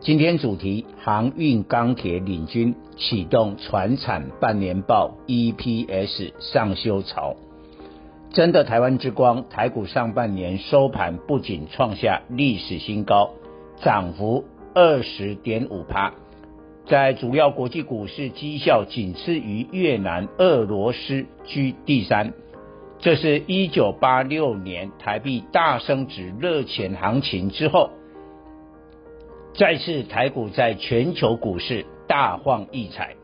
今天主題：航運鋼鐵領軍，啟動傳產半年報 EPS 上修潮。真的，台灣之光，台股上半年收盤不僅創下歷史新高，漲幅二十點五八，在主要國際股市績效僅次於越南、俄羅斯，居第三。這是一九八六年台幣大升值熱錢行情之後。再次，台股在全球股市大放異彩。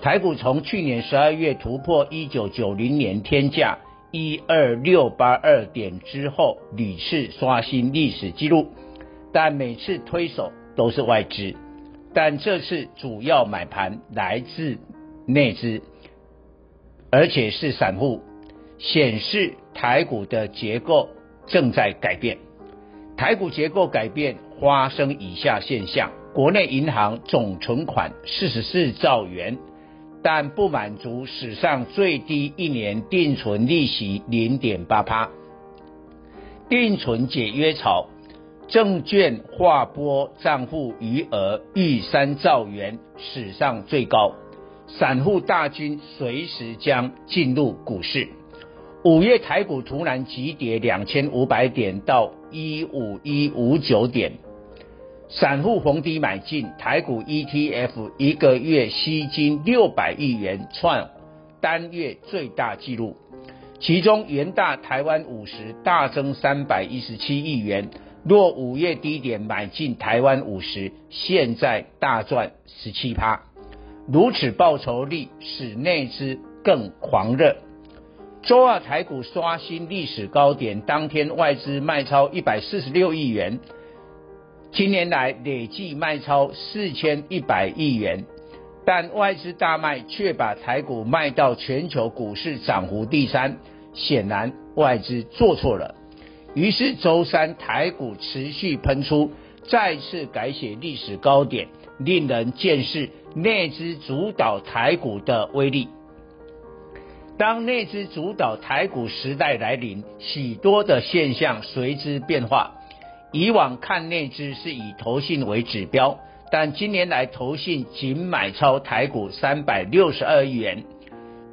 台股從去年十二月突破一九九零年天價一二六八二點之後，屢次刷新歷史紀錄，但每次推手都是外資。但這次主要買盤來自內資，而且是散戶，顯示台股的結構正在改變。台股結構改變。發生以下現象：國內銀行總存款四十四兆元，但不滿足史上最低一年定存利息零點八趴，定存解約潮，證券劃撥賬戶餘額逾三兆元，史上最高。散戶大軍隨時將進入股市。五月台股突然急跌兩千五百點到一五一五九點，散戶逢低買進台股 ETF，一個月吸金六百億元，創單月最大紀錄。其中，元大台灣五十大增三百一十七億元。若五月低點買進台灣五十，現在大賺十七趴。如此報酬率，使內資更狂熱。周二台股刷新歷史高點，當天外資賣超一百四十六億元。今年來累計賣超四千一百億元，但外資大賣卻把台股賣到全球股市漲幅第三，顯然外資做錯了。於是周三台股持續噴出，再次改寫歷史高點，令人見識內資主導台股的威力。當內資主導台股時代來臨，許多的現象隨之變化。以往看內資是以投信為指標，但今年來投信僅買超台股三百六十二億元，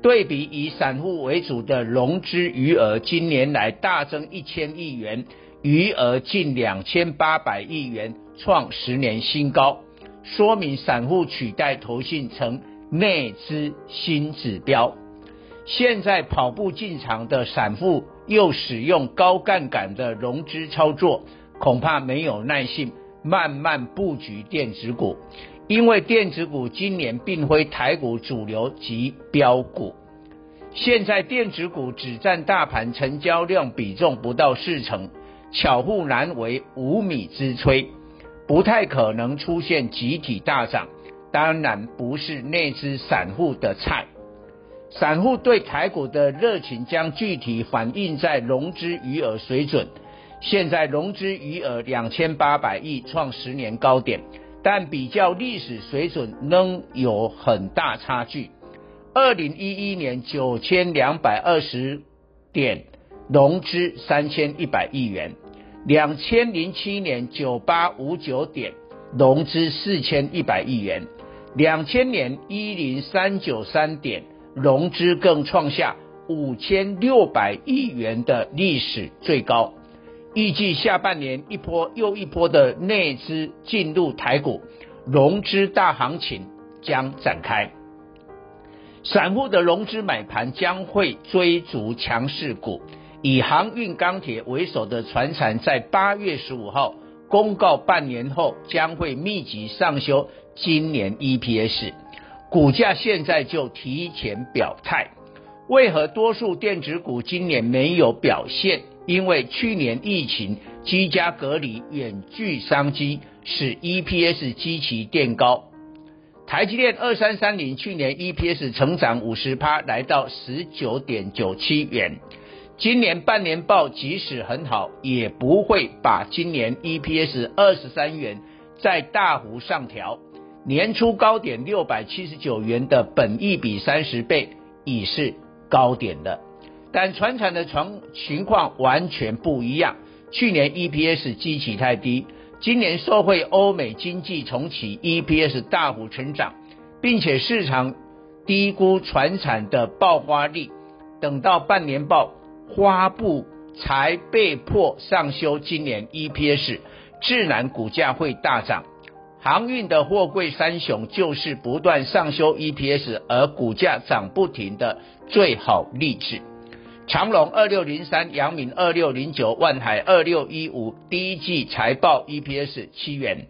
對比以散戶為主的融資餘額，今年來大增一千億元，餘額近兩千八百億元，創十年新高，說明散戶取代投信成內資新指標。現在跑步進場的散戶又使用高槓桿的融資操作。恐怕沒有耐性慢慢佈局電子股，因為電子股今年並非台股主流及標股。現在電子股只佔大盤成交量比重不到四成，巧婦難為無米之炊，不太可能出現集體大漲。當然不是那隻散戶的菜，散戶對台股的熱情將具體反映在融資餘額水準。現在融資餘額兩千八百億，創十年高點，但比較歷史水準仍有很大差距。二零一一年九千兩百二十點，融資三千一百億元；兩千零七年九八五九點，融資四千一百億元；兩千年一零三九三點，融資更創下五千六百億元的歷史最高。預計下半年一波又一波的內資進入台股，融資大行情將展開。散戶的融資買盤將會追逐強勢股，以航運、鋼鐵為首的傳產在八月十五號公告半年報將會密集上修今年 EPS，股價現在就提前表態。為何多數電子股今年沒有表現？因為去年疫情居家隔離遠距商機，使 EPS 基期墊高。台積電二三三零去年 EPS 成長五十趴，來到十九點九七元。今年半年報即使很好，也不會把今年 EPS 二十三元再大幅上調。年初高點六百七十九元的本益比三十倍已是高點了。但傳產的情況完全不一樣。去年 EPS 基期太低，今年受惠歐美經濟重啟，EPS 大幅成長，並且市場低估傳產的爆發力。等到半年報發布才被迫上修今年 EPS，自然股價會大漲。航運的貨櫃三雄就是不斷上修 EPS 而股價漲不停的最好例子。長榮二六零三，陽明二六零九，萬海二六一五，第一季財報 EPS 七元。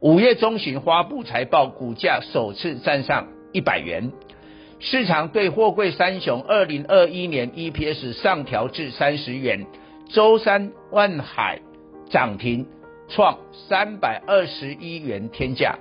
五月中旬發布財報，股價首次站上一百元。市場對貨櫃三雄二零二一年 EPS 上調至三十元。周三萬海漲停，創三百二十一元天價。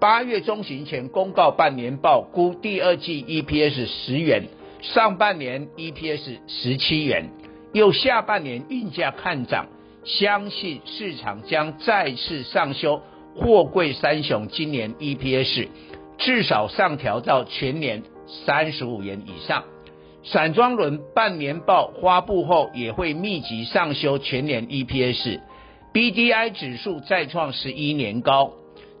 八月中旬前公告半年報，估第二季 EPS 十元。上半年 EPS 十七元，又下半年運價看漲，相信市場將再次上修貨櫃三雄今年 EPS 至少上調到全年三十五元以上。散裝輪半年報發布後也會密集上修全年 EPS。BDI 指數再創十一年高，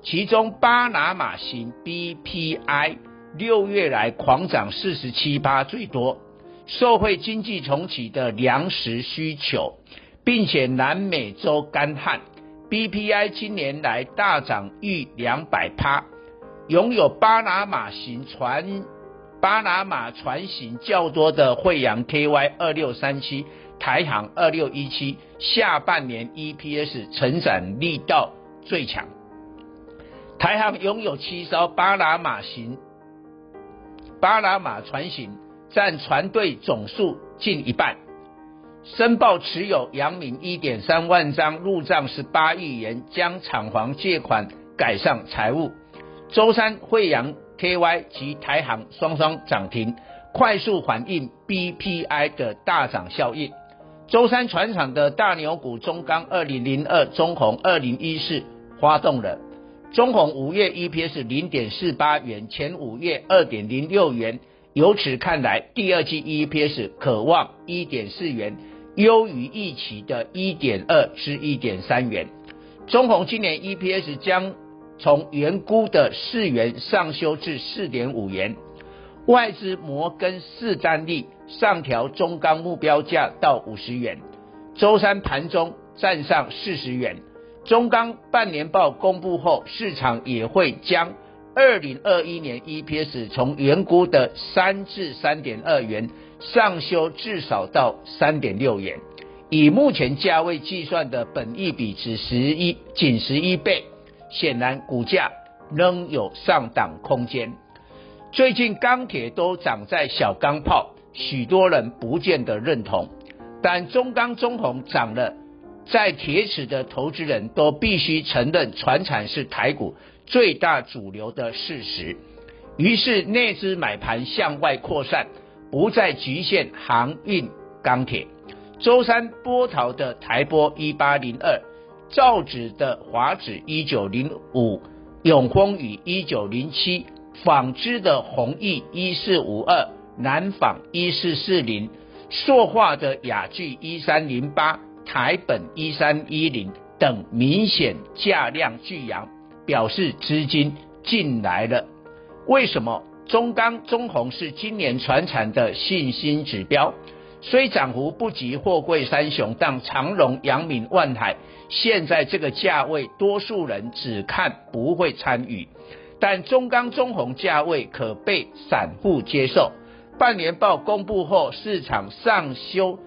其中巴拿馬型 BPI。六月來狂漲四十七趴最多，受惠經濟重啟的糧食需求，並且南美洲乾旱，BPI 今年來大漲逾兩百趴。擁有巴拿馬型船、巴拿馬船型較多的慧洋 KY 二六三七、台航二六一七，下半年 EPS 成長力道最強。台航擁有七艘巴拿馬型。巴拿馬船型占船隊總數近一半，申報持有陽明一點三萬張，入賬十八億元，將廠房借款改善財務。週三慧洋 KY 及台航雙雙漲停，快速反應 BPI 的大漲效應。週三船廠的大牛股中鋼二零零二、中鴻二零一四發動了。中鴻五月 EPS 零點四八元，前五月二點零六元。由此看來，第二季 EPS 可望一點四元，優於預期的一點二至一點三元。中鴻今年 EPS 將從原估的四元上修至四點五元。外資摩根士丹利上調中鋼目標價到五十元，周三盤中站上四十元。中鋼半年報公布後，市場也會將2021年 EPS 從原估的3至3.2元上修至少到3.6元，以目前價位計算的本益比值十一僅十一倍，顯然股價仍有上檔空間。最近鋼鐵都漲在小鋼炮，許多人不見得認同，但中鋼中鴻漲了。在鐵齒的投資人都必須承認，傳產是台股最大主流的事實。於是，內資買盤向外擴散，不再侷限航運、鋼鐵。周三玻陶的台玻一八零二，造紙的華紙一九零五，永豐餘一九零七，紡織的宏益一四五二，南紡一四四零，塑化的亞聚一三零八。台本一三一零等明顯價量巨陽，表示資金進來了。為什麼中鋼中鴻是今年傳產的信心指標？雖漲幅不及貨櫃三雄，但長榮、陽明、萬海現在這個價位，多數人只看不會參與。但中鋼中鴻價位可被散戶接受。半年報公布後，市場上修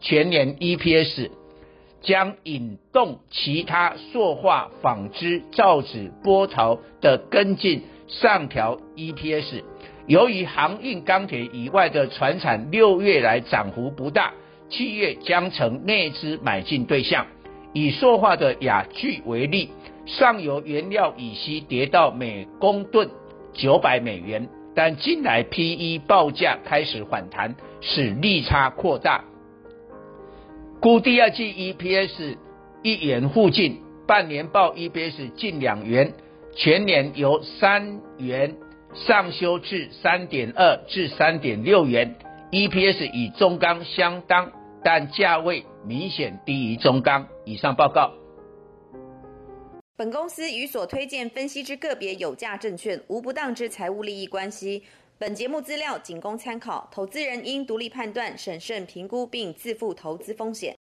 全年 EPS。將引動其他塑化、紡織、造紙、玻陶的跟進上調 EPS。由於航運、鋼鐵以外的傳產六月來漲幅不大，七月將成內資買進對象。以塑化的亞聚為例，上游原料乙烯跌到每公噸九百美元，但近來 PE 報價開始反彈，使利差擴大。估第二季 E P S 一元附近，半年報 E P S 近兩元，全年由三元上修至三點二至三點六元，E P S 與中鋼相當，但價位明顯低於中鋼。以上報告。本公司與所推薦分析之個別有價證券無不當之財務利益關係，本節目資料僅供參考，投資人應獨立判斷、審慎評估並自負投資風險。